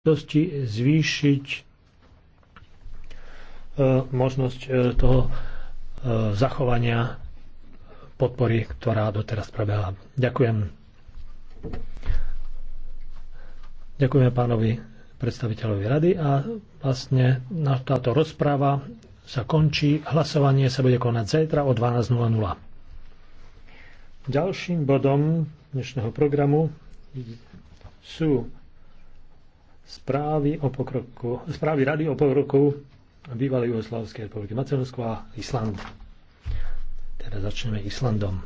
dosti zvýšiť e, možnosť e, toho e, zachovania podpory, ktorá doteraz prebehla. Ďakujem. Ďakujeme pánovi predstaviteľovi rady a vlastne táto rozpráva sa končí. Hlasovanie sa bude konať zajtra o 12.00. Ďalším bodom dnešného programu sú správy, o pokroku, správy Rady o pokroku bývalej Jugoslavskej republiky Macedónsko a Island. Teda začneme Islandom.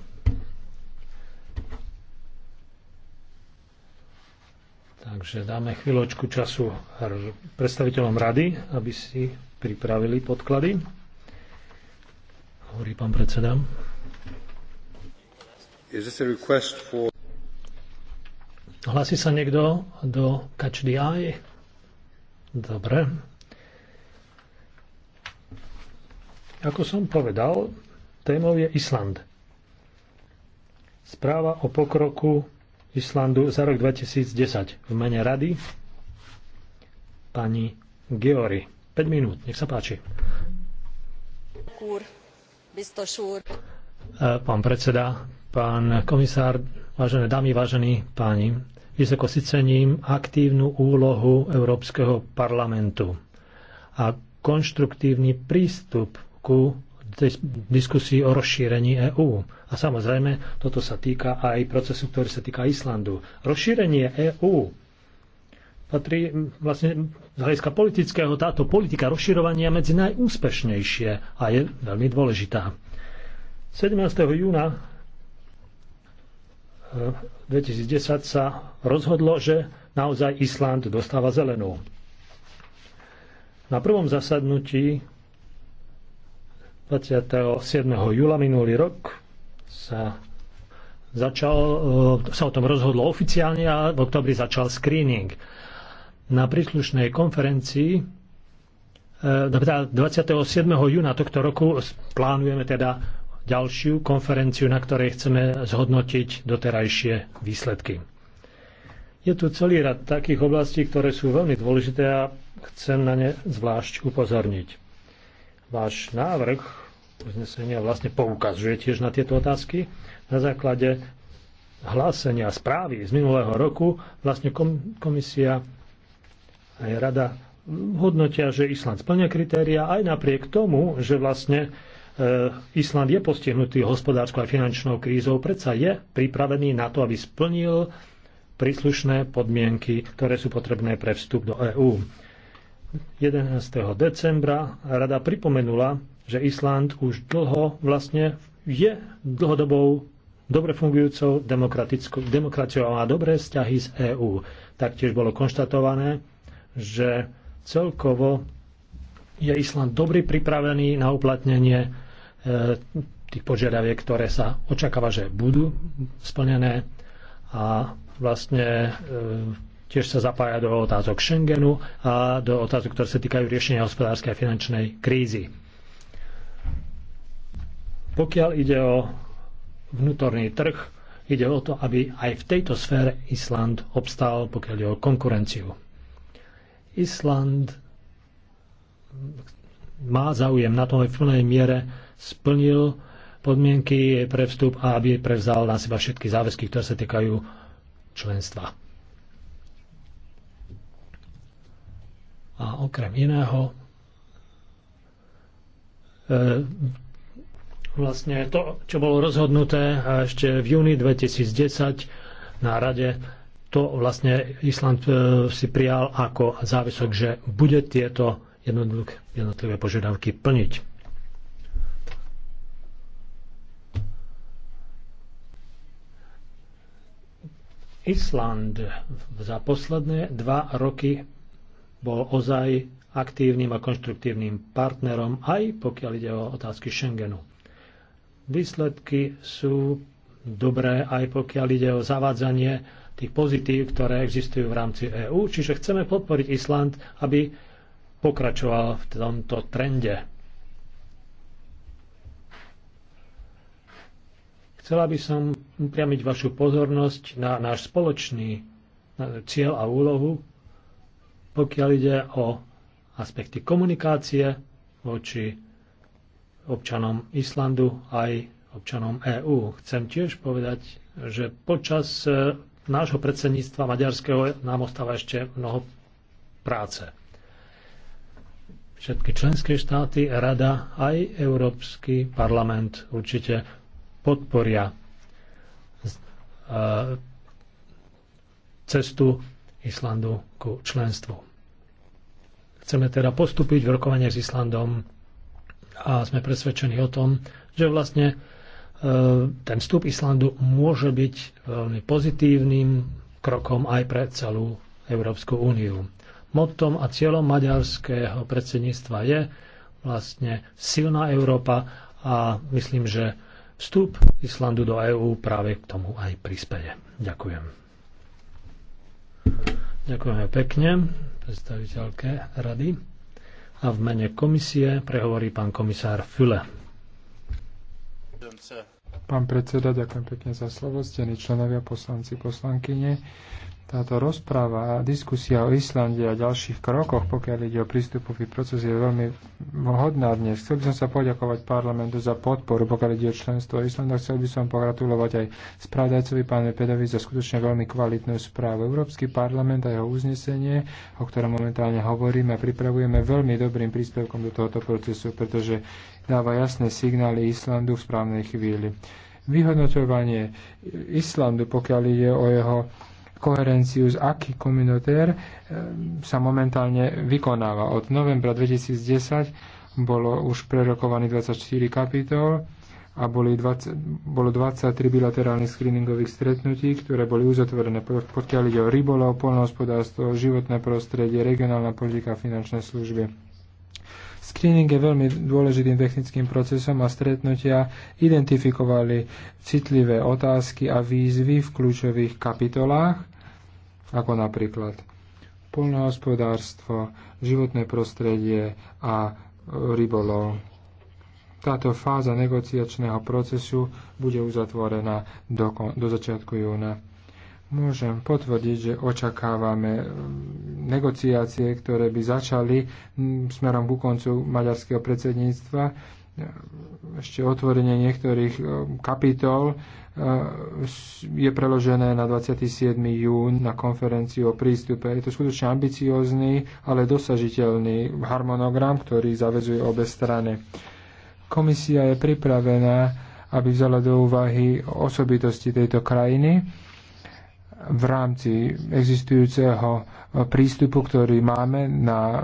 Takže dáme chvíľočku času predstaviteľom rady, aby si pripravili podklady. Hovorí pán predseda. Is this a request for... Hlasí sa niekto do Catch the Eye? Dobre. Ako som povedal, témou je Island. Správa o pokroku Islandu za rok 2010 v mene rady pani Geori. 5 minút, nech sa páči. Eh, pán predseda, pán komisár, vážené dámy, vážení páni, vysoko si cením aktívnu úlohu Európskeho parlamentu a konštruktívny prístup ku diskusii o rozšírení EÚ. A samozrejme, toto sa týka aj procesu, ktorý sa týka Islandu. Rozšírenie EÚ patrí vlastne z hľadiska politického, táto politika rozširovania medzi najúspešnejšie a je veľmi dôležitá. 17. júna 2010 sa rozhodlo, že naozaj Island dostáva zelenú. Na prvom zasadnutí 27. júla minulý rok sa, začal, e, sa o tom rozhodlo oficiálne a v oktobri začal screening. Na príslušnej konferencii 27. E, júna tohto roku plánujeme teda ďalšiu konferenciu, na ktorej chceme zhodnotiť doterajšie výsledky. Je tu celý rad takých oblastí, ktoré sú veľmi dôležité a chcem na ne zvlášť upozorniť. Váš návrh uznesenia vlastne poukazuje tiež na tieto otázky. Na základe hlásenia správy z minulého roku vlastne komisia aj rada hodnotia, že Island splňa kritéria aj napriek tomu, že vlastne E, Island je postihnutý hospodárskou a finančnou krízou, predsa je pripravený na to, aby splnil príslušné podmienky, ktoré sú potrebné pre vstup do EÚ. 11. decembra rada pripomenula, že Island už dlho vlastne je dlhodobou dobre fungujúcou demokraciou a má dobré vzťahy z EÚ. Taktiež bolo konštatované, že celkovo je Island dobre pripravený na uplatnenie E, tých požiadaviek, ktoré sa očakáva, že budú splnené a vlastne e, tiež sa zapája do otázok Schengenu a do otázok, ktoré sa týkajú riešenia hospodárskej a finančnej krízy. Pokiaľ ide o vnútorný trh, ide o to, aby aj v tejto sfére Island obstál, pokiaľ ide o konkurenciu. Island má záujem na tom, aby v plnej miere splnil podmienky pre vstup a aby prevzal na seba všetky záväzky, ktoré sa týkajú členstva. A okrem iného e, vlastne to, čo bolo rozhodnuté ešte v júni 2010 na rade, to vlastne Island e, si prijal ako záväzok, že bude tieto jednotlivé požiadavky plniť. Island za posledné dva roky bol ozaj aktívnym a konštruktívnym partnerom, aj pokiaľ ide o otázky Schengenu. Výsledky sú dobré, aj pokiaľ ide o zavádzanie tých pozitív, ktoré existujú v rámci EÚ. Čiže chceme podporiť Island, aby pokračoval v tomto trende. Chcela by som upriamiť vašu pozornosť na náš spoločný cieľ a úlohu, pokiaľ ide o aspekty komunikácie voči občanom Islandu aj občanom EÚ. Chcem tiež povedať, že počas e, nášho predsedníctva maďarského nám ostáva ešte mnoho práce všetky členské štáty, Rada aj Európsky parlament určite podporia e, cestu Islandu ku členstvu. Chceme teda postúpiť v rokovanie s Islandom a sme presvedčení o tom, že vlastne e, ten vstup Islandu môže byť veľmi pozitívnym krokom aj pre celú Európsku úniu. Motom a cieľom maďarského predsedníctva je vlastne silná Európa a myslím, že vstup Islandu do EÚ práve k tomu aj prispeje. Ďakujem. Ďakujeme pekne predstaviteľke rady a v mene komisie prehovorí pán komisár Füle. Pán predseda, ďakujem pekne za slovo, stení členovia, poslanci, poslankyne. Táto rozpráva a diskusia o Islande a ďalších krokoch, pokiaľ ide o prístupový proces, je veľmi vhodná dnes. Chcel by som sa poďakovať parlamentu za podporu, pokiaľ ide o členstvo Islanda. Chcel by som pogratulovať aj správdajcovi pánovi Pedovi za skutočne veľmi kvalitnú správu. Európsky parlament a jeho uznesenie, o ktorom momentálne hovoríme a pripravujeme veľmi dobrým príspevkom do tohoto procesu, pretože dáva jasné signály Islandu v správnej chvíli. Vyhodnotovanie Islandu, pokiaľ ide o jeho koherenciu z aký komunitér eh, sa momentálne vykonáva. Od novembra 2010 bolo už prerokovaný 24 kapitol a boli 20, bolo 23 bilaterálnych screeningových stretnutí, ktoré boli uzatvorené, pokiaľ ide o rybolov, polnohospodárstvo, životné prostredie, regionálna politika a finančné služby. Screening je veľmi dôležitým technickým procesom a stretnutia identifikovali citlivé otázky a výzvy v kľúčových kapitolách ako napríklad poľnohospodárstvo, životné prostredie a rybolov. Táto fáza negociačného procesu bude uzatvorená do, do začiatku júna. Môžem potvrdiť, že očakávame mm, negociácie, ktoré by začali mm, smerom ku koncu maďarského predsedníctva ešte otvorenie niektorých eh, kapitol eh, je preložené na 27. jún na konferenciu o prístupe. Je to skutočne ambiciózny, ale dosažiteľný harmonogram, ktorý zavezuje obe strany. Komisia je pripravená, aby vzala do úvahy osobitosti tejto krajiny v rámci existujúceho e, prístupu, ktorý máme na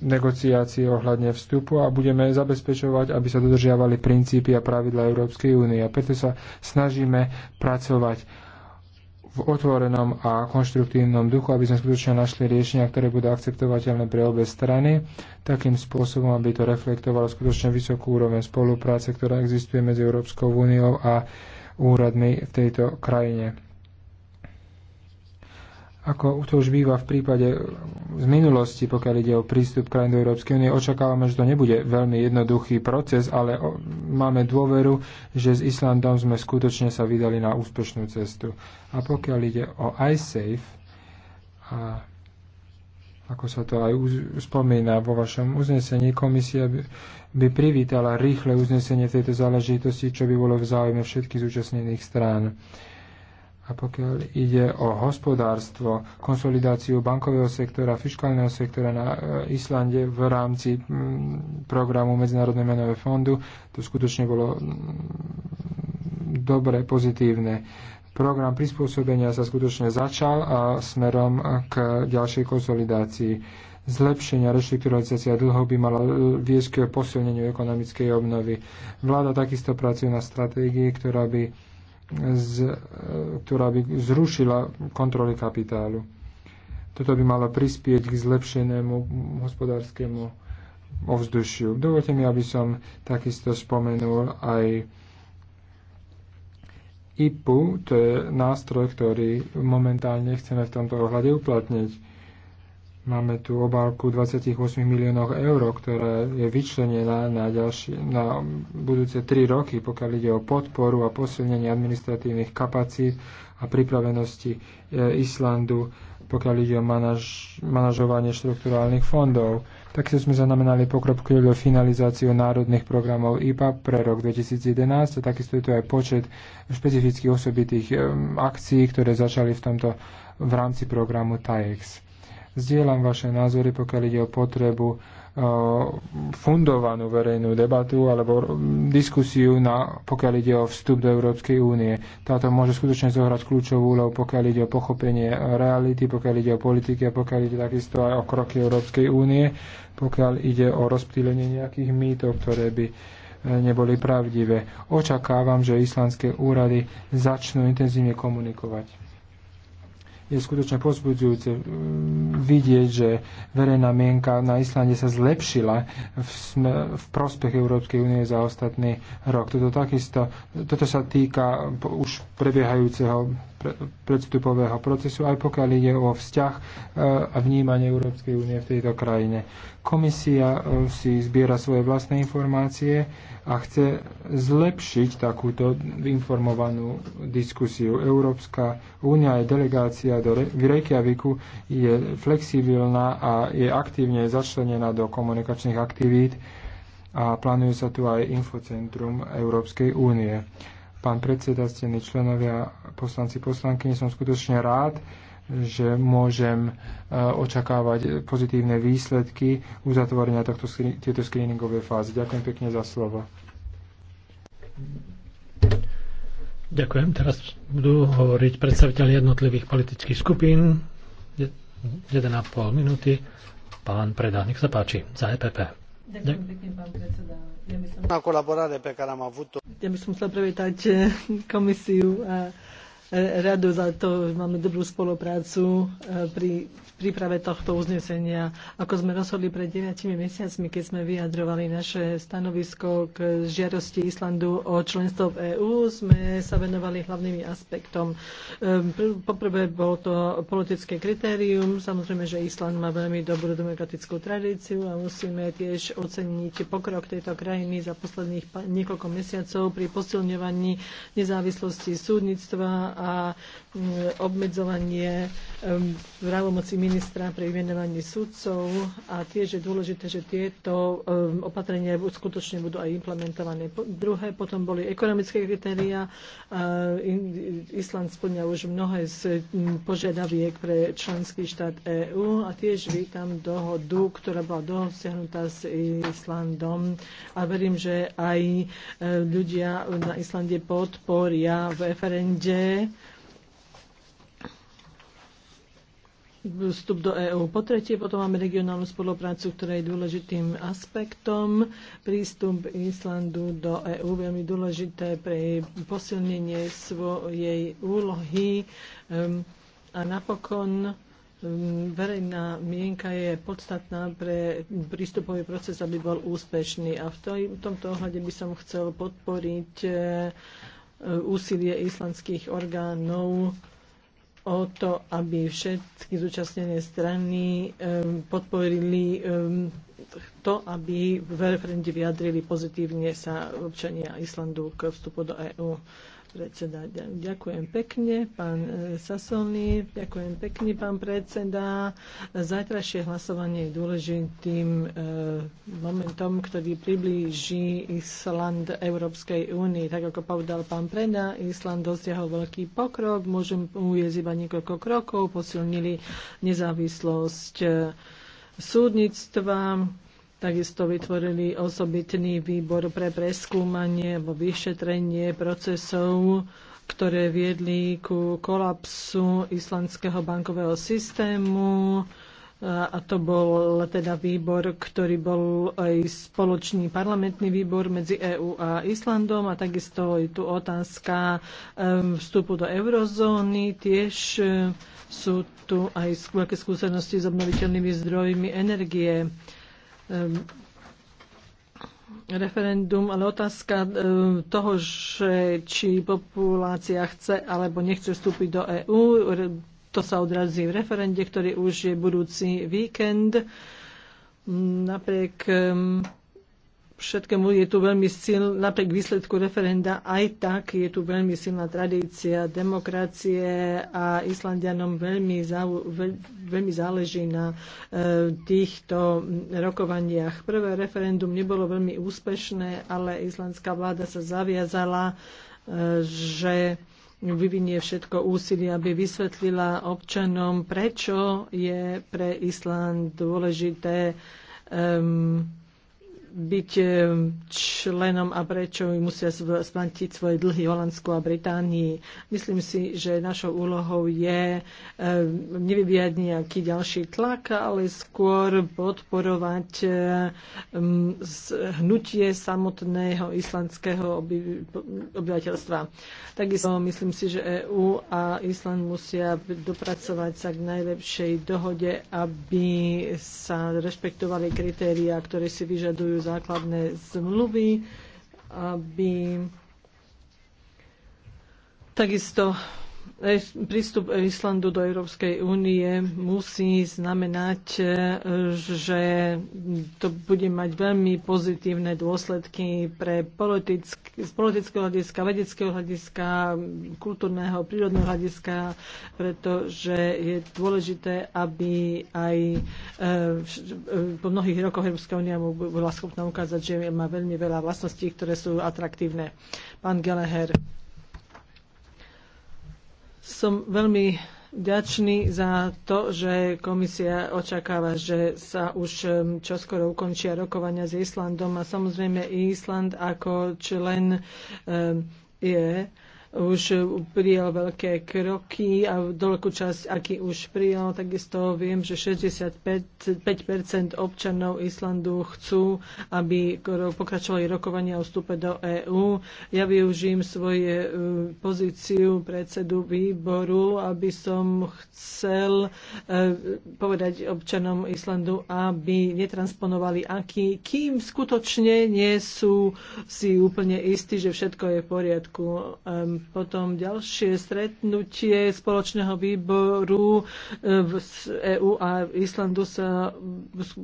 negociácie ohľadne vstupu a budeme zabezpečovať, aby sa dodržiavali princípy a pravidla Európskej únie. A preto sa snažíme pracovať v otvorenom a konštruktívnom duchu, aby sme skutočne našli riešenia, ktoré budú akceptovateľné pre obe strany, takým spôsobom, aby to reflektovalo skutočne vysokú úroveň spolupráce, ktorá existuje medzi Európskou úniou a úradmi v tejto krajine. Ako to už býva v prípade z minulosti, pokiaľ ide o prístup krajín do Európskej únie, očakávame, že to nebude veľmi jednoduchý proces, ale máme dôveru, že s Islandom sme skutočne sa vydali na úspešnú cestu. A pokiaľ ide o iSafe, a ako sa to aj spomína vo vašom uznesení, komisia by, by privítala rýchle uznesenie tejto záležitosti, čo by bolo v záujme všetkých zúčastnených strán. A pokiaľ ide o hospodárstvo, konsolidáciu bankového sektora, fiskálneho sektora na e, Islande v rámci programu Medzinárodného menového fondu, to skutočne bolo dobre, pozitívne. Program prispôsobenia sa skutočne začal a smerom k ďalšej konsolidácii. Zlepšenia reštrukturalizácia dlho by mala e, viesť k posilneniu ekonomickej obnovy. Vláda takisto pracuje na stratégii, ktorá by z, e, ktorá by zrušila kontroly kapitálu. Toto by malo prispieť k zlepšenému hospodárskému ovzdušiu. Dovolte mi, aby som takisto spomenul aj IPU, to je nástroj, ktorý momentálne chceme v tomto ohľade uplatniť Máme tu obálku 28 miliónov eur, ktorá je vyčlenená na, ďalšie, na budúce 3 roky, pokiaľ ide o podporu a posilnenie administratívnych kapacít a pripravenosti e, Islandu, pokiaľ ide o manaž, manažovanie štrukturálnych fondov. takisto sme zaznamenali pokrok o finalizáciu národných programov IPA pre rok 2011 a takisto je tu aj počet špecifických osobitých e, akcií, ktoré začali v tomto v rámci programu TAEX. Zdieľam vaše názory, pokiaľ ide o potrebu e, fundovanú verejnú debatu alebo diskusiu, na, pokiaľ ide o vstup do Európskej únie. Táto môže skutočne zohrať kľúčovú úlohu, pokiaľ ide o pochopenie reality, pokiaľ ide o politiky a pokiaľ ide takisto aj o kroky Európskej únie, pokiaľ ide o rozptýlenie nejakých mýtov, ktoré by e, neboli pravdivé. Očakávam, že islandské úrady začnú intenzívne komunikovať je skutočne pozbudzujúce mm, vidieť, že verejná mienka na Islande sa zlepšila v, v prospech Európskej únie za ostatný rok. Toto, takisto, toto sa týka už prebiehajúceho predstupového procesu, aj pokiaľ ide o vzťah e, a vnímanie Európskej únie v tejto krajine. Komisia e, si zbiera svoje vlastné informácie a chce zlepšiť takúto informovanú diskusiu. Európska únia je delegácia do Reykjaviku je flexibilná a je aktívne začlenená do komunikačných aktivít a plánuje sa tu aj infocentrum Európskej únie. Pán predseda, stení členovia, poslanci, poslanky, som skutočne rád, že môžem e, očakávať pozitívne výsledky uzatvorenia tohto, tejto screeningové fázy. Ďakujem pekne za slovo. Ďakujem. Teraz budú hovoriť predstaviteľi jednotlivých politických skupín. 1,5 minúty. Pán Preda, nech sa páči, za EPP. Ja by som chcela privítať eh, komisiu a E, radu za to, máme dobrú spoluprácu e, pri príprave tohto uznesenia. Ako sme rozhodli pred 9 mesiacmi, keď sme vyjadrovali naše stanovisko k žiarosti Islandu o členstvo v EÚ, sme sa venovali hlavnými aspektom. E, poprvé bolo to politické kritérium. Samozrejme, že Island má veľmi dobrú demokratickú tradíciu a musíme tiež oceniť pokrok tejto krajiny za posledných niekoľko mesiacov pri posilňovaní nezávislosti súdnictva a Eh, obmedzovanie eh, právomoci ministra pre vymenovanie sudcov a tiež je dôležité, že tieto eh, opatrenia skutočne budú aj implementované. druhé, potom boli ekonomické kritéria. Island splňa už mnohé z mm, požiadaviek pre členský štát EÚ a tiež vítam dohodu, ktorá bola dosiahnutá s Islandom a verím, že aj ľudia na Islande podporia v referende vstup do EÚ. Po tretie, potom máme regionálnu spoluprácu, ktorá je dôležitým aspektom. Prístup Islandu do EÚ veľmi dôležité pre posilnenie svojej úlohy. Ehm, a napokon ehm, verejná mienka je podstatná pre prístupový proces, aby bol úspešný. A v, toj, v tomto ohľade by som chcel podporiť ehm, úsilie islandských orgánov o to, aby všetky zúčastnené strany podporili to, aby v referende vyjadrili pozitívne sa občania Islandu k vstupu do EÚ predseda. Ďakujem pekne, pán e, Sasolný, ďakujem pekne, pán predseda. Zajtrajšie hlasovanie je dôležitým e, momentom, ktorý priblíži Island Európskej únii. Tak ako povedal pán Preda, Island dosiahol veľký pokrok, môžem uviezť iba niekoľko krokov, posilnili nezávislosť e, súdnictva, Takisto vytvorili osobitný výbor pre preskúmanie alebo vyšetrenie procesov, ktoré viedli ku kolapsu islandského bankového systému a to bol teda výbor, ktorý bol aj spoločný parlamentný výbor medzi EÚ a Islandom a takisto je tu otázka vstupu do eurozóny. Tiež e, sú tu aj veľké skúsenosti s obnoviteľnými zdrojmi energie. Ehm, referendum, ale otázka ehm, toho, že či populácia chce alebo nechce vstúpiť do EÚ, to sa odrazí v referende, ktorý už je budúci víkend. Napriek ehm, všetkému je tu veľmi silná, napriek výsledku referenda, aj tak je tu veľmi silná tradícia demokracie a Islandianom veľmi, záu, veľ, veľmi záleží na e, týchto rokovaniach. Prvé referendum nebolo veľmi úspešné, ale islandská vláda sa zaviazala, e, že vyvinie všetko úsilie, aby vysvetlila občanom, prečo je pre Island dôležité byť eh, členom a prečo musia splatiť svoje dlhy Holandsku a Británii. Myslím si, že našou úlohou je eh, nevyvíjať nejaký ďalší tlak, ale skôr podporovať eh, hnutie samotného islandského obyvateľstva. Takisto myslím si, že EÚ a Island musia dopracovať sa k najlepšej dohode, aby sa rešpektovali kritéria, ktoré si vyžadujú základné zmluvy, aby takisto prístup Islandu do Európskej únie musí znamenať, e, že to bude mať veľmi pozitívne dôsledky pre politick- z politického hľadiska, vedeckého hľadiska, kultúrneho, prírodného hľadiska, pretože je dôležité, aby aj e, e, po mnohých rokoch Európska únia mu bola schopná ukázať, že má veľmi veľa vlastností, ktoré sú atraktívne. Pán Geleher. Som veľmi ďačný za to, že komisia očakáva, že sa už čoskoro ukončia rokovania s Islandom a samozrejme Island ako člen je už prijal veľké kroky a veľkú časť, aký už prijal, takisto viem, že 65% občanov Islandu chcú, aby pokračovali rokovania o vstupe do EÚ. Ja využijem svoje e, pozíciu predsedu výboru, aby som chcel e, povedať občanom Islandu, aby netransponovali aký, kým skutočne nie sú si úplne istí, že všetko je v poriadku potom ďalšie stretnutie spoločného výboru e, v EU a Islandu sa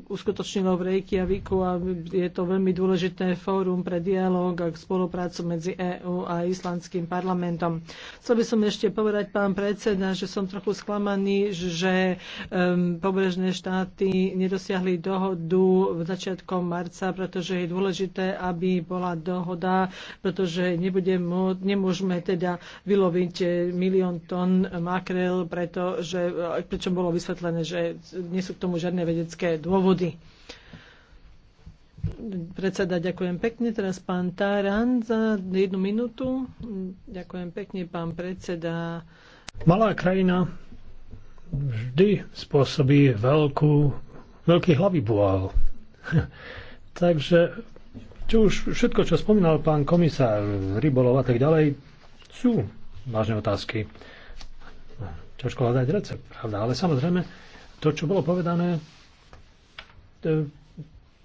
uskutočnilo v Reykjaviku a je to veľmi dôležité fórum pre dialog a spoluprácu medzi EU a islandským parlamentom. Chcel by som ešte povedať, pán predseda, že som trochu sklamaný, že um, pobrežné štáty nedosiahli dohodu v začiatkom marca, pretože je dôležité, aby bola dohoda, pretože nebude, nemôžeme teda vyloviť eh, milión tón makrel, pretože, eh, prečo bolo vysvetlené, že nie sú k tomu žiadne vedecké dôvody. Predseda, ďakujem pekne. Teraz pán Taran za jednu minútu. Ďakujem pekne, pán predseda. Malá krajina vždy spôsobí veľkú, veľký hlavy búval. Takže čo už všetko, čo spomínal pán komisár, rybolov a tak ďalej, sú vážne otázky. Ťažko hľadať recept, pravda, ale samozrejme to, čo bolo povedané, e,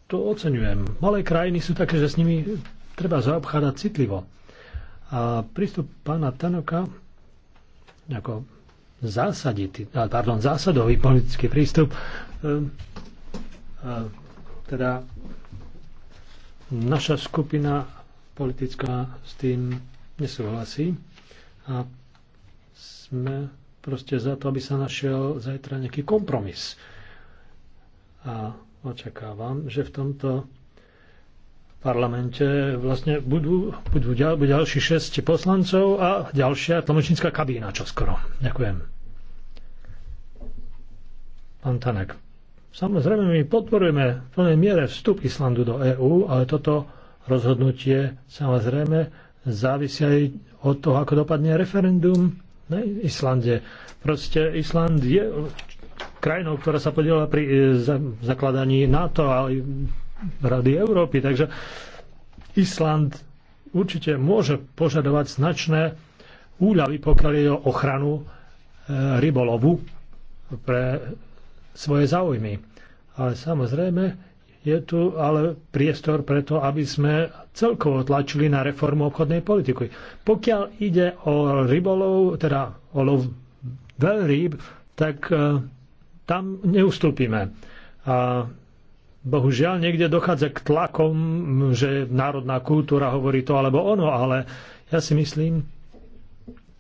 to oceňujem. Malé krajiny sú také, že s nimi treba zaobchádať citlivo. A prístup pána Tanoka ako zásaditý, pardon, zásadový politický prístup e, e, teda naša skupina politická s tým nesúhlasí a sme proste za to, aby sa našiel zajtra nejaký kompromis. A očakávam, že v tomto parlamente vlastne budú, budú ďal, budú ďalší šesti poslancov a ďalšia tlmočnícka kabína čoskoro. Ďakujem. Pán Tanek. Samozrejme, my podporujeme v plnej miere vstup Islandu do EÚ, ale toto rozhodnutie samozrejme závisí aj od toho, ako dopadne referendum na Islande. Proste Island je krajinou, ktorá sa podiela pri e, zakladaní NATO a Rady Európy. Takže Island určite môže požadovať značné úľavy, pokiaľ je o ochranu e, rybolovu pre svoje záujmy. Ale samozrejme, je tu ale priestor preto, aby sme celkovo tlačili na reformu obchodnej politiky. Pokiaľ ide o rybolov, teda o lov veľrýb, tak e, tam neustúpime. A bohužiaľ niekde dochádza k tlakom, že národná kultúra hovorí to alebo ono, ale ja si myslím,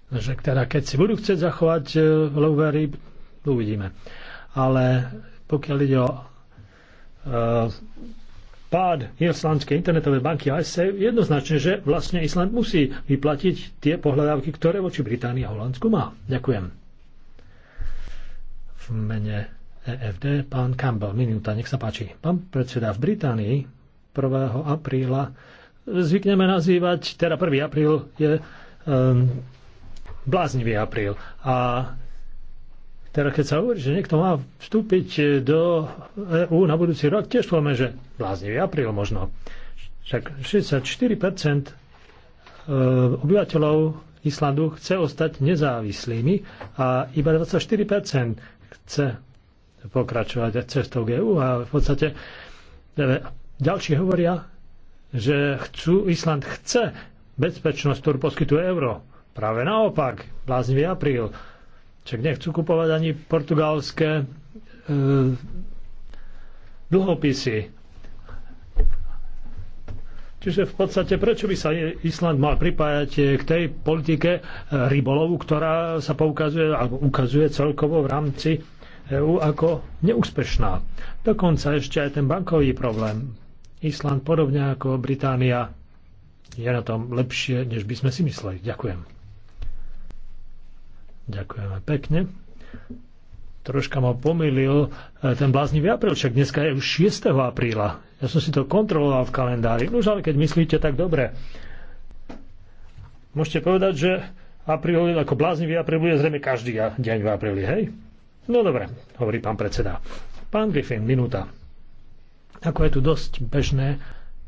že teda keď si budú chcieť zachovať e, lov veľrýb, uvidíme. Ale pokiaľ ide o Eh, pád islandskej internetovej banky ISAVE jednoznačne, že vlastne Island musí vyplatiť tie pohľadávky, ktoré voči Británii a Holandsku má. Ďakujem. V mene EFD pán Campbell, minúta, nech sa páči. Pán predseda, v Británii 1. apríla zvykneme nazývať, teda 1. apríl je um, bláznivý apríl. A teda keď sa hovorí, že niekto má vstúpiť do EÚ na budúci rok, tiež povieme, že bláznivý apríl možno. Však 64% e, obyvateľov Islandu chce ostať nezávislými a iba 24% chce pokračovať cestou k EÚ a v podstate e, ďalší hovoria, že chcú, Island chce bezpečnosť, ktorú poskytuje euro. Práve naopak, bláznivý apríl Čak nechcú kupovať ani portugalské e, dlhopisy. Čiže v podstate prečo by sa Island mal pripájať e, k tej politike e, rybolovu, ktorá sa poukazuje alebo ukazuje celkovo v rámci EÚ ako neúspešná. Dokonca ešte aj ten bankový problém. Island podobne ako Británia je na tom lepšie, než by sme si mysleli. Ďakujem. Ďakujeme pekne. Troška ma pomýlil e, ten bláznivý apríl, však dneska je už 6. apríla. Ja som si to kontroloval v kalendári. No už ale keď myslíte, tak dobre. Môžete povedať, že apríl, ako bláznivý apríl bude zrejme každý deň v apríli, hej? No dobre, hovorí pán predseda. Pán Griffin, minúta. Ako je tu dosť bežné,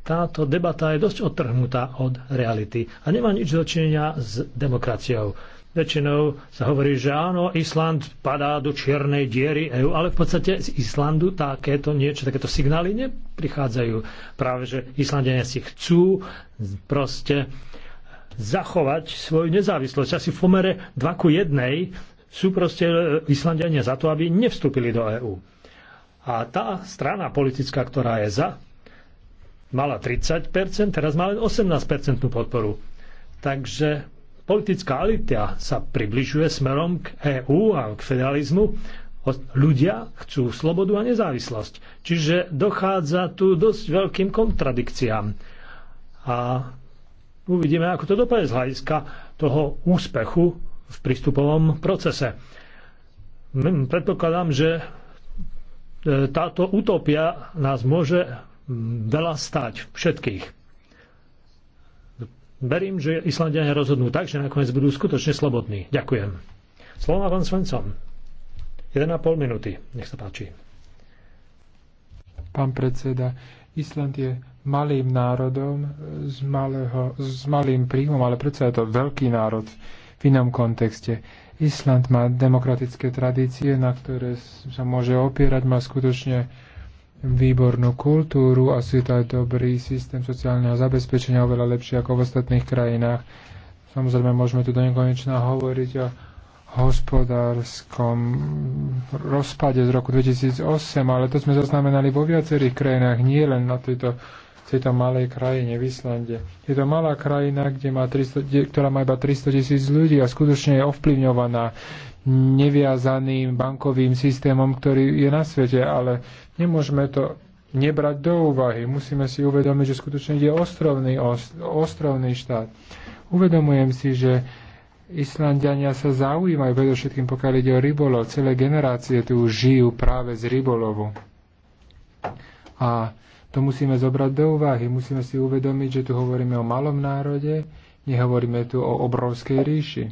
táto debata je dosť odtrhnutá od reality a nemá nič dočinenia s demokraciou. Väčšinou sa hovorí, že áno, Island padá do čiernej diery EU, ale v podstate z Islandu takéto niečo, takéto signály neprichádzajú. Práve, že Islandenia si chcú proste zachovať svoju nezávislosť. Asi v pomere 2 ku 1 sú proste e, Islandiania za to, aby nevstúpili do EÚ. A tá strana politická, ktorá je za, mala 30%, teraz má len 18% podporu. Takže politická elita sa približuje smerom k EÚ a k federalizmu, ľudia chcú slobodu a nezávislosť. Čiže dochádza tu dosť veľkým kontradikciám. A uvidíme, ako to dopadne z hľadiska toho úspechu v prístupovom procese. Predpokladám, že e, táto utopia nás môže veľa stať všetkých verím, že Islandiania rozhodnú tak, že nakoniec budú skutočne slobodní. Ďakujem. Slovo má pán Svencom. 1,5 minúty. Nech sa páči. Pán predseda, Island je malým národom s, malého, s malým príjmom, ale predsa je to veľký národ v inom kontexte. Island má demokratické tradície, na ktoré sa môže opierať, má skutočne výbornú kultúru a sú to aj dobrý systém sociálneho zabezpečenia, oveľa lepšie ako v ostatných krajinách. Samozrejme, môžeme tu do nekonečna hovoriť o hospodárskom rozpade z roku 2008, ale to sme zaznamenali vo viacerých krajinách, nie len na tejto, tejto malej krajine v Islande. Je to malá krajina, kde má 300, ktorá má iba 300 tisíc ľudí a skutočne je ovplyvňovaná neviazaným bankovým systémom, ktorý je na svete, ale Nemôžeme to nebrať do úvahy. Musíme si uvedomiť, že skutočne ide ostrovný, ostrovný štát. Uvedomujem si, že Islandiania sa zaujímajú, predovšetkým pokiaľ ide o rybolov. Celé generácie tu žijú práve z rybolovu. A to musíme zobrať do úvahy. Musíme si uvedomiť, že tu hovoríme o malom národe, nehovoríme tu o obrovskej ríši.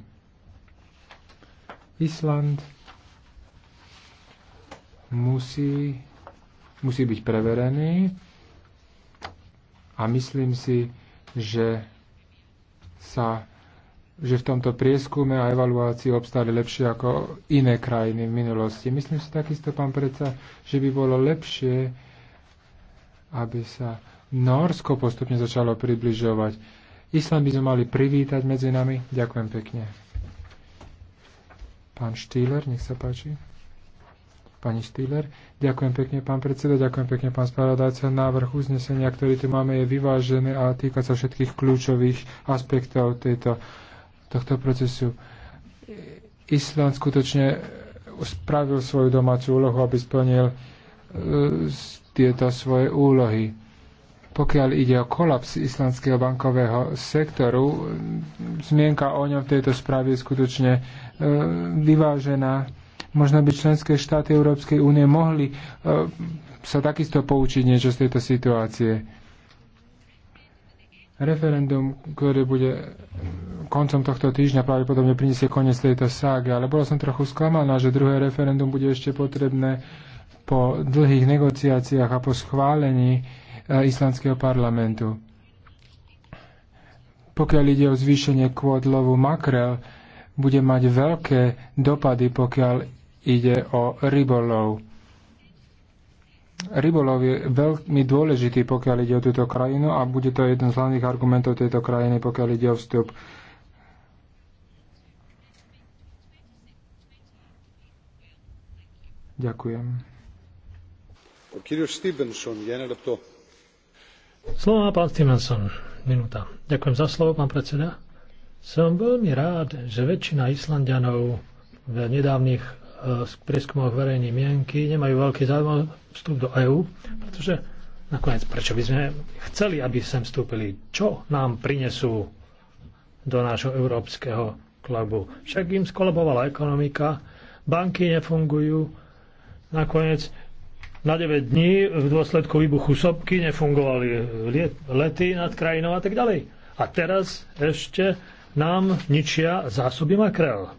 Island musí musí byť preverený a myslím si, že sa že v tomto prieskume a evaluácii obstali lepšie ako iné krajiny v minulosti. Myslím si takisto, pán predsa, že by bolo lepšie, aby sa Norsko postupne začalo približovať. Islám by sme mali privítať medzi nami. Ďakujem pekne. Pán Štýler, nech sa páči. Pani Stýler, ďakujem pekne, pán predseda, ďakujem pekne, pán spravodajca. Návrh uznesenia, ktorý tu máme, je vyvážený a týka sa všetkých kľúčových aspektov tejto, tohto procesu. Island skutočne spravil svoju domácu úlohu, aby splnil e, tieto svoje úlohy. Pokiaľ ide o kolaps islandského bankového sektoru, e, zmienka o ňom v tejto správe je skutočne e, vyvážená Možno by členské štáty Európskej únie mohli e, sa takisto poučiť niečo z tejto situácie. Referendum, ktoré bude koncom tohto týždňa, pravdepodobne priniesie koniec tejto ságy, ale bola som trochu sklamaná, že druhé referendum bude ešte potrebné po dlhých negociáciách a po schválení e, islandského parlamentu. Pokiaľ ide o zvýšenie kvót lovu makrel, bude mať veľké dopady, pokiaľ ide o rybolov. Rybolov je veľmi dôležitý, pokiaľ ide o túto krajinu a bude to jeden z hlavných argumentov tejto krajiny, pokiaľ ide o vstup. Ďakujem. Slovo má pán Stevenson. Minúta. Ďakujem za slovo, pán predseda. Som veľmi rád, že väčšina Islandianov v nedávnych v prieskumoch verejnej mienky nemajú veľký záujem vstup do EÚ, pretože nakoniec prečo by sme chceli, aby sem vstúpili? Čo nám prinesú do nášho európskeho klubu? Však im skolabovala ekonomika, banky nefungujú, nakoniec na 9 dní v dôsledku výbuchu sopky nefungovali lety nad krajinou a tak ďalej. A teraz ešte nám ničia zásoby makrel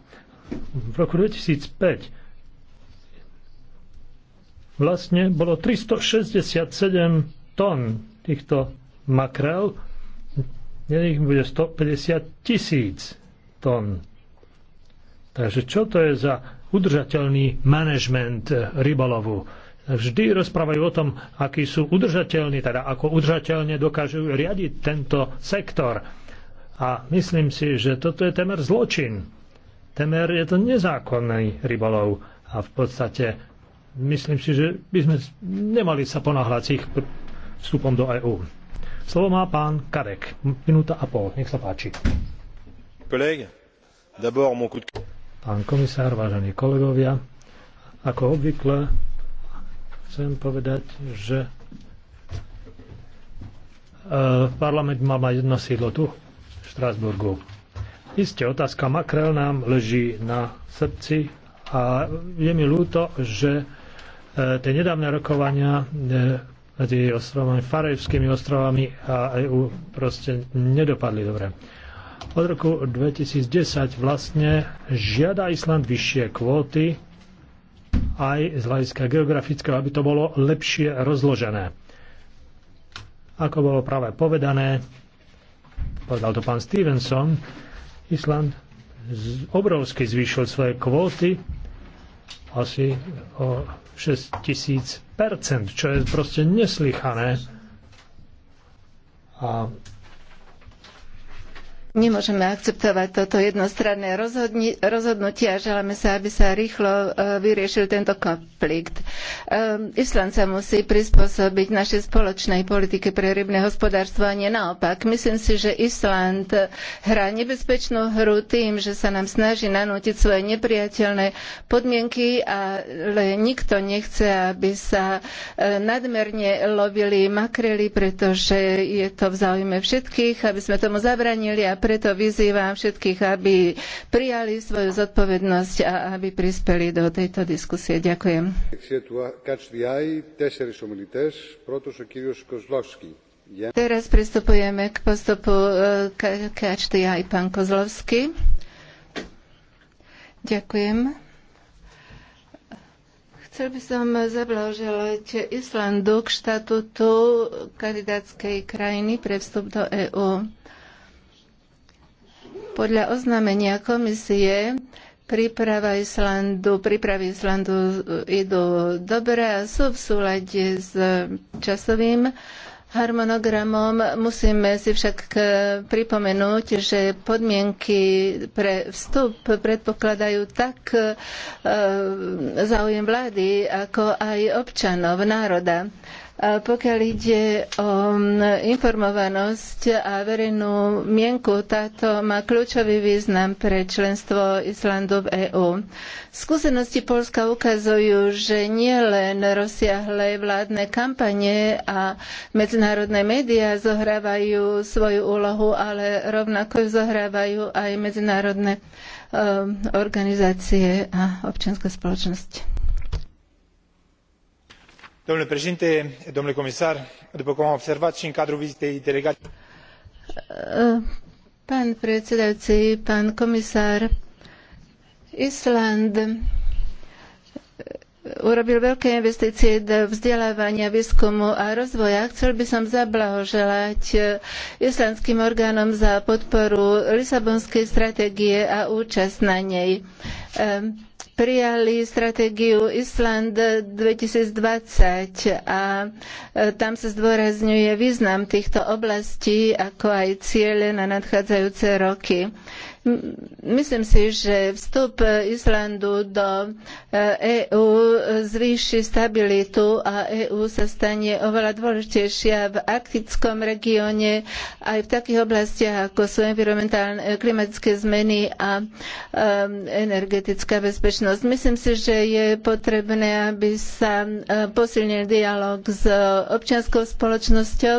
v roku 2005 vlastne bolo 367 tón týchto makrel, dnes ich bude 150 tisíc tón. Takže čo to je za udržateľný manažment rybolovu? Vždy rozprávajú o tom, akí sú udržateľní, teda ako udržateľne dokážu riadiť tento sektor. A myslím si, že toto je temer zločin Temer je to nezákonný rybolov a v podstate myslím si, že by sme nemali sa ponáhľať s ich vstupom do EÚ. Slovo má pán Karek. Minúta a pol. Nech sa páči. Pán komisár, vážení kolegovia, ako obvykle chcem povedať, že e, parlament má mať jedno sídlo tu, v Štrásburgu. Isté otázka makrel nám leží na srdci a je mi ľúto, že e, tie nedávne rokovania e, medzi ostrovami, Farejskými ostrovami a EU proste nedopadli dobre. Od roku 2010 vlastne žiada Island vyššie kvóty aj z hľadiska geografického, aby to bolo lepšie rozložené. Ako bolo práve povedané, povedal to pán Stevenson, Island obrovsky zvýšil svoje kvóty asi o 6000%, čo je proste neslychané. A Nemôžeme akceptovať toto jednostranné rozhodnutie a želáme sa, aby sa rýchlo e, vyriešil tento konflikt. E, Island sa musí prispôsobiť našej spoločnej politike pre rybné hospodárstvo a nie naopak. Myslím si, že Island hrá nebezpečnú hru tým, že sa nám snaží nanútiť svoje neprijateľné podmienky, ale nikto nechce, aby sa e, nadmerne lovili makrely, pretože je to v záujme všetkých, aby sme tomu zabranili a preto vyzývam všetkých, aby prijali svoju zodpovednosť a aby prispeli do tejto diskusie. Ďakujem. Teraz pristupujeme k postupu e, Catch pán Kozlovský. Ďakujem. Chcel by som zablahoželať Islandu k štatutu kandidátskej krajiny pre vstup do EÚ. Podľa oznámenia komisie príprava Islandu, prípravy Islandu idú dobre a sú v súlade s časovým harmonogramom. Musíme si však pripomenúť, že podmienky pre vstup predpokladajú tak e, záujem vlády, ako aj občanov, národa. Pokiaľ ide o informovanosť a verejnú mienku, táto má kľúčový význam pre členstvo Islandu v EÚ. Skúsenosti Polska ukazujú, že nielen rozsiahle vládne kampane a medzinárodné médiá zohrávajú svoju úlohu, ale rovnako zohrávajú aj medzinárodné e, organizácie a občianská spoločnosť după cum am observat i în cadrul vizitei delegaiei pán predsedajúci pán komisár island e, urobil veľké investície do vzdelávania, výskumu a rozvoja. Chcel by som zablahoželať e, islandským orgánom za podporu Lisabonskej stratégie a účasť na nej. E, prijali stratégiu Island 2020 a e, tam sa zdôrazňuje význam týchto oblastí, ako aj ciele na nadchádzajúce roky. Myslím si, že vstup Islandu do EÚ e zvýši stabilitu a EÚ sa stane oveľa dôležitejšia v arktickom regióne aj v takých oblastiach, ako sú environmentálne e, klimatické zmeny a um, energetická bezpečnosť. Myslím si, že je potrebné, aby sa e, posilnil dialog s občianskou spoločnosťou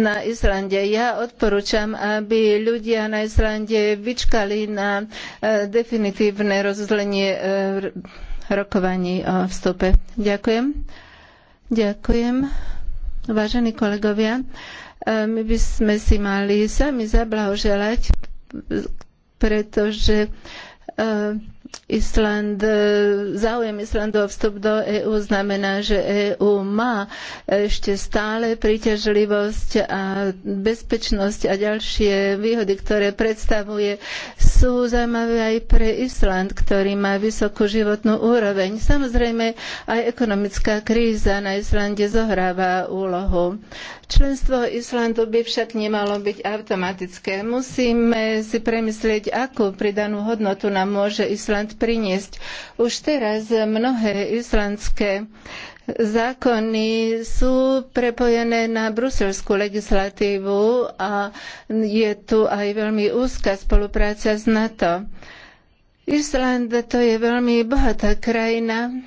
na Islande. Ja odporúčam, aby ľudia na Islande vyčkali počkali na e, definitívne rozuzlenie e, rokovaní o vstupe. Ďakujem. Ďakujem. Vážení kolegovia, e, my by sme si mali sami zablahoželať, pretože Island, e, záujem Islandu o vstup do EÚ znamená, že EÚ má ešte stále príťažlivosť a bezpečnosť a ďalšie výhody, ktoré predstavuje, sú zaujímavé aj pre Island, ktorý má vysokú životnú úroveň. Samozrejme, aj ekonomická kríza na Islande zohráva úlohu. Členstvo Islandu by však nemalo byť automatické. Musíme si premyslieť, akú pridanú hodnotu nám môže Island priniesť. Už teraz mnohé islandské zákony sú prepojené na bruselskú legislatívu a je tu aj veľmi úzka spolupráca s NATO. Island to je veľmi bohatá krajina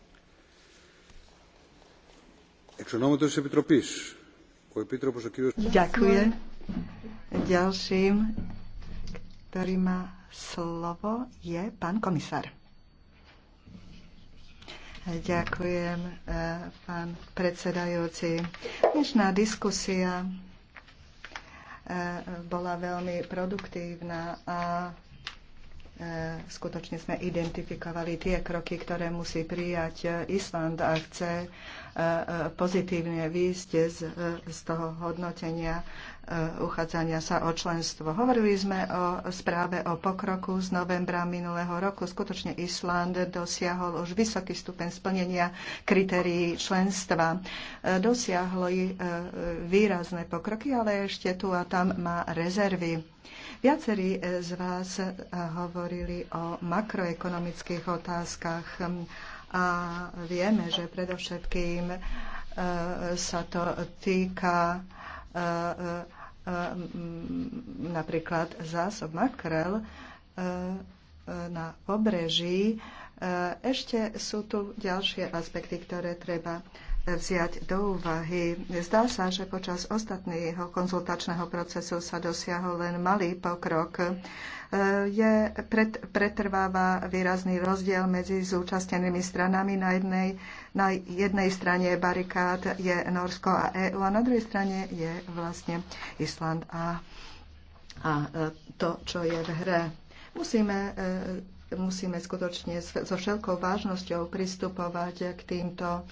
Ďakujem. Ďalším, ktorý má slovo, je pán komisár. Ďakujem, eh, pán predsedajúci. Dnešná diskusia eh, bola veľmi produktívna a eh, skutočne sme identifikovali tie kroky, ktoré musí prijať Island a chce pozitívne výjsť z, z toho hodnotenia e, uchádzania sa o členstvo. Hovorili sme o správe o pokroku z novembra minulého roku. Skutočne Island dosiahol už vysoký stupeň splnenia kritérií členstva. E, dosiahlo i e, výrazné pokroky, ale ešte tu a tam má rezervy. Viacerí z vás hovorili o makroekonomických otázkach a vieme, že predovšetkým e, sa to týka e, e, napríklad zásob makrel na pobreží. Ešte sú tu ďalšie aspekty, ktoré treba vziať do úvahy. Zdá sa, že počas ostatného konzultačného procesu sa dosiahol len malý pokrok. Je, pret, pretrváva výrazný rozdiel medzi zúčastnenými stranami. Na jednej, na jednej strane barikád je Norsko a EU a na druhej strane je vlastne Island a, a to, čo je v hre. Musíme e, musíme skutočne so všetkou vážnosťou pristupovať k, týmto,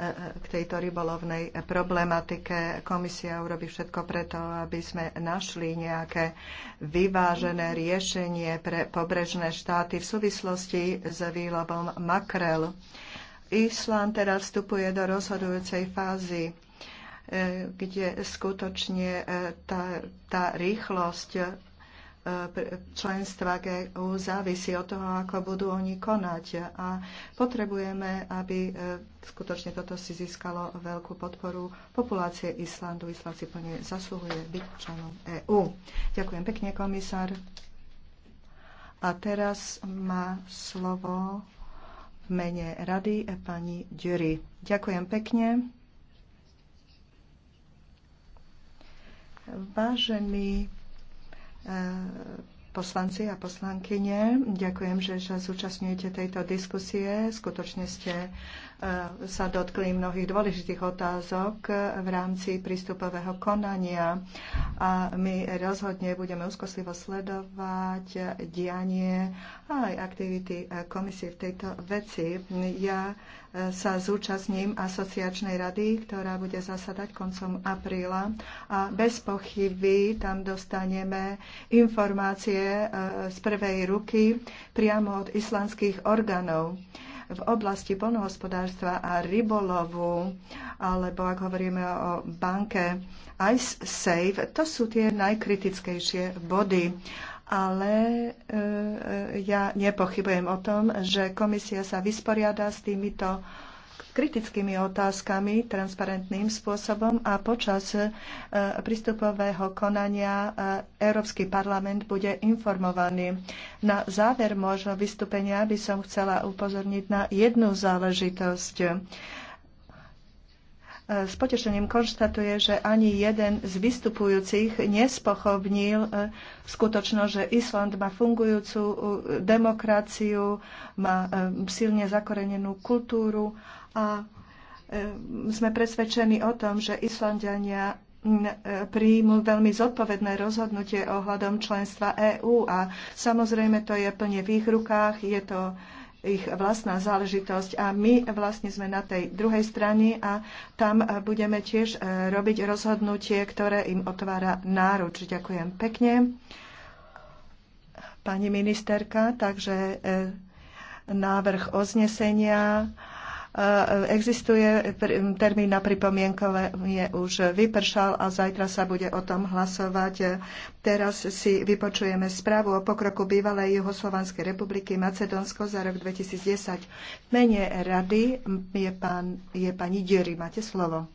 e, e, k tejto rybolovnej problematike. Komisia urobí všetko preto, aby sme našli nejaké vyvážené riešenie pre pobrežné štáty v súvislosti s výlobom makrel. Island teraz vstupuje do rozhodujúcej fázy e, kde skutočne tá, tá rýchlosť členstva GU závisí od toho, ako budú oni konať. A potrebujeme, aby e, skutočne toto si získalo veľkú podporu populácie Islandu. Island si plne zasluhuje byť členom EÚ. Ďakujem pekne, komisár. A teraz má slovo v mene rady pani Dury. Ďakujem pekne. Vážený Eh, poslanci a poslankyne. Ďakujem, že sa zúčastňujete tejto diskusie. Skutočne ste E, sa dotkli mnohých dôležitých otázok v rámci prístupového konania a my rozhodne budeme úzkostlivo sledovať dianie a aj aktivity komisie v tejto veci. Ja e, sa zúčastním asociačnej rady, ktorá bude zasadať koncom apríla a bez pochyby tam dostaneme informácie e, z prvej ruky priamo od islandských orgánov v oblasti polnohospodárstva a rybolovu, alebo ak hovoríme o banke Ice Save, to sú tie najkritickejšie body ale e, e, ja nepochybujem o tom, že komisia sa vysporiada s týmito kritickými otázkami transparentným spôsobom a počas e, prístupového konania e, Európsky parlament bude informovaný. Na záver možno vystúpenia by som chcela upozorniť na jednu záležitosť. E, s potešením konštatuje, že ani jeden z vystupujúcich nespochovnil skutočnosť, že Island má fungujúcu demokraciu, má silne zakorenenú kultúru a e, sme presvedčení o tom, že Islandiania e, príjmu veľmi zodpovedné rozhodnutie ohľadom členstva EÚ a samozrejme to je plne v ich rukách, je to ich vlastná záležitosť a my vlastne sme na tej druhej strane a tam budeme tiež e, robiť rozhodnutie, ktoré im otvára náruč. Ďakujem pekne. Pani ministerka, takže návrh oznesenia Eh, existuje termín na pripomienkové, je už vypršal a zajtra sa bude o tom hlasovať. Teraz si vypočujeme správu o pokroku bývalej Juhoslovanskej republiky Macedónsko za rok 2010. V mene rady je, pán, je pani Diery. Máte slovo.